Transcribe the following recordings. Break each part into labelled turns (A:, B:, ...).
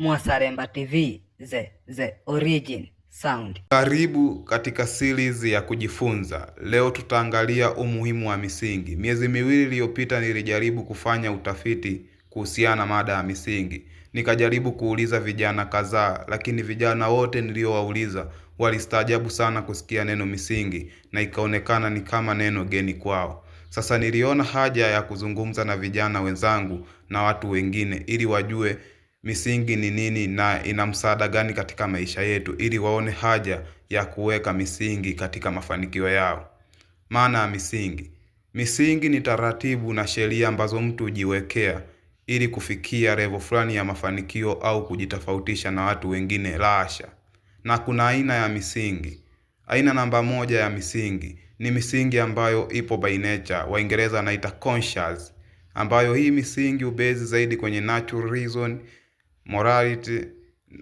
A: Mwasaremba TV the, the origin sound.
B: Karibu katika series ya kujifunza. Leo tutaangalia umuhimu wa misingi. Miezi miwili iliyopita nilijaribu kufanya utafiti kuhusiana na mada ya misingi. Nikajaribu kuuliza vijana kadhaa, lakini vijana wote niliowauliza walistaajabu sana kusikia neno misingi na ikaonekana ni kama neno geni kwao. Sasa niliona haja ya kuzungumza na vijana wenzangu na watu wengine ili wajue misingi ni nini na ina msaada gani katika maisha yetu ili waone haja ya kuweka misingi katika mafanikio yao. Maana ya misingi. Misingi ni taratibu na sheria ambazo mtu hujiwekea ili kufikia revo fulani ya mafanikio au kujitofautisha na watu wengine, la Na kuna aina ya misingi. Aina namba moja ya misingi ni misingi ambayo ipo by nature, Waingereza wanaita conscious, ambayo hii misingi ubezi zaidi kwenye natural reason morality,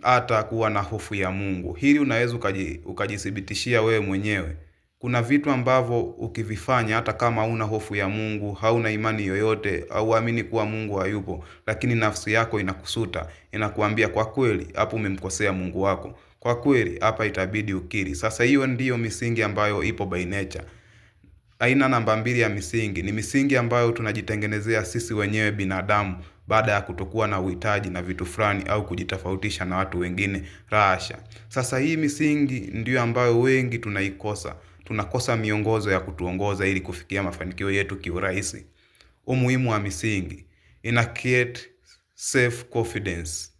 B: hata kuwa na hofu ya Mungu. Hili unaweza ukajithibitishia wewe mwenyewe. Kuna vitu ambavyo ukivifanya hata kama una hofu ya Mungu, hauna imani yoyote, amini kuwa Mungu hayupo, lakini nafsi yako inakusuta, inakuambia kwa kweli hapo umemkosea Mungu wako, kwa kweli hapa itabidi ukiri. Sasa hiyo ndiyo misingi ambayo ipo by nature. Aina namba mbili ya misingi ni misingi ambayo tunajitengenezea sisi wenyewe binadamu baada ya kutokuwa na uhitaji na vitu fulani au kujitofautisha na watu wengine. Rasha. Sasa hii misingi ndiyo ambayo wengi tunaikosa. Tunakosa miongozo ya kutuongoza ili kufikia mafanikio yetu kiurahisi. Umuhimu wa misingi. Ina create self confidence.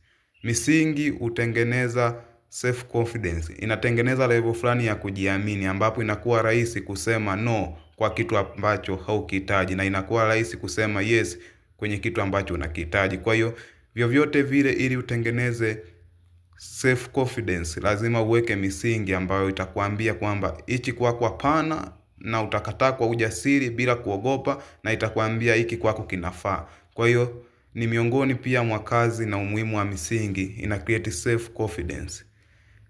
B: Misingi hutengeneza self confidence. Inatengeneza level fulani ya kujiamini ambapo inakuwa rahisi kusema no kwa kitu ambacho haukihitaji na inakuwa rahisi kusema yes kwenye kitu ambacho unakihitaji. Kwa hiyo vyovyote vile, ili utengeneze self confidence, lazima uweke misingi ambayo itakuambia kwamba hichi kwako hapana, na utakataa kwa ujasiri bila kuogopa, na itakwambia hiki kwako kinafaa. Kwa hiyo ni miongoni pia mwa kazi na umuhimu wa misingi, ina create self confidence.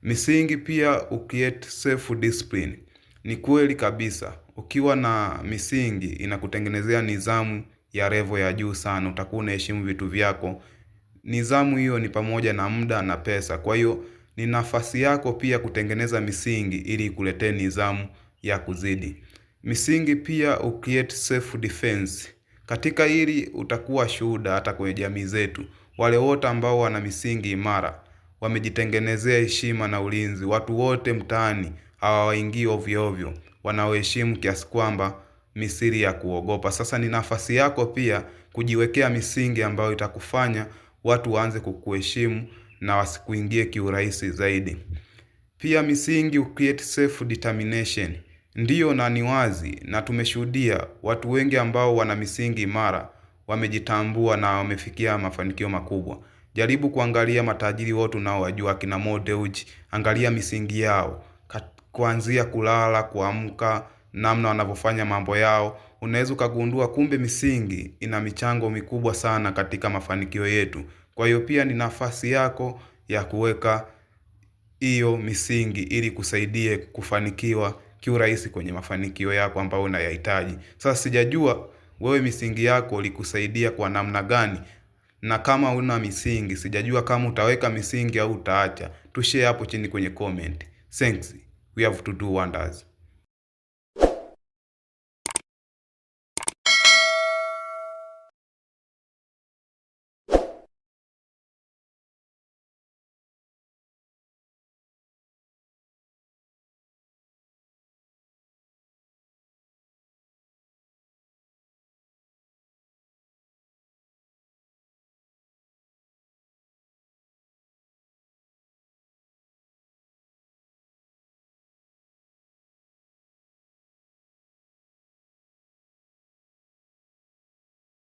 B: Misingi pia ucreate self discipline. Ni kweli kabisa, ukiwa na misingi inakutengenezea nidhamu ya revo ya juu sana, utakuwa unaheshimu vitu vyako. Nidhamu hiyo ni pamoja na muda na pesa. Kwa hiyo ni nafasi yako pia kutengeneza misingi ili ikuletee nidhamu ya kuzidi. Misingi pia create self defense. Katika hili utakuwa shuhuda hata kwenye jamii zetu. Wale wote ambao wana misingi imara wamejitengenezea heshima na ulinzi. Watu wote mtaani hawawaingii ovyo ovyo, wanaoheshimu kiasi kwamba misiri ya kuogopa. Sasa ni nafasi yako pia kujiwekea misingi ambayo itakufanya watu waanze kukuheshimu na wasikuingie kiurahisi zaidi. Pia misingi create self determination. Ndiyo na ni wazi na tumeshuhudia watu wengi ambao wana misingi imara wamejitambua na wamefikia mafanikio makubwa. Jaribu kuangalia matajiri wote unaowajua akina Mo Dewji, angalia misingi yao kuanzia kulala, kuamka, namna wanavyofanya mambo yao, unaweza ukagundua kumbe misingi ina michango mikubwa sana katika mafanikio yetu. Kwa hiyo pia ni nafasi yako ya kuweka hiyo misingi ili kusaidie kufanikiwa kiurahisi kwenye mafanikio yako ambayo unayahitaji. Sasa sijajua wewe misingi yako likusaidia kwa namna gani, na kama una misingi, sijajua kama utaweka misingi au utaacha. Tushare hapo chini kwenye comment. Thanks. We have to do wonders.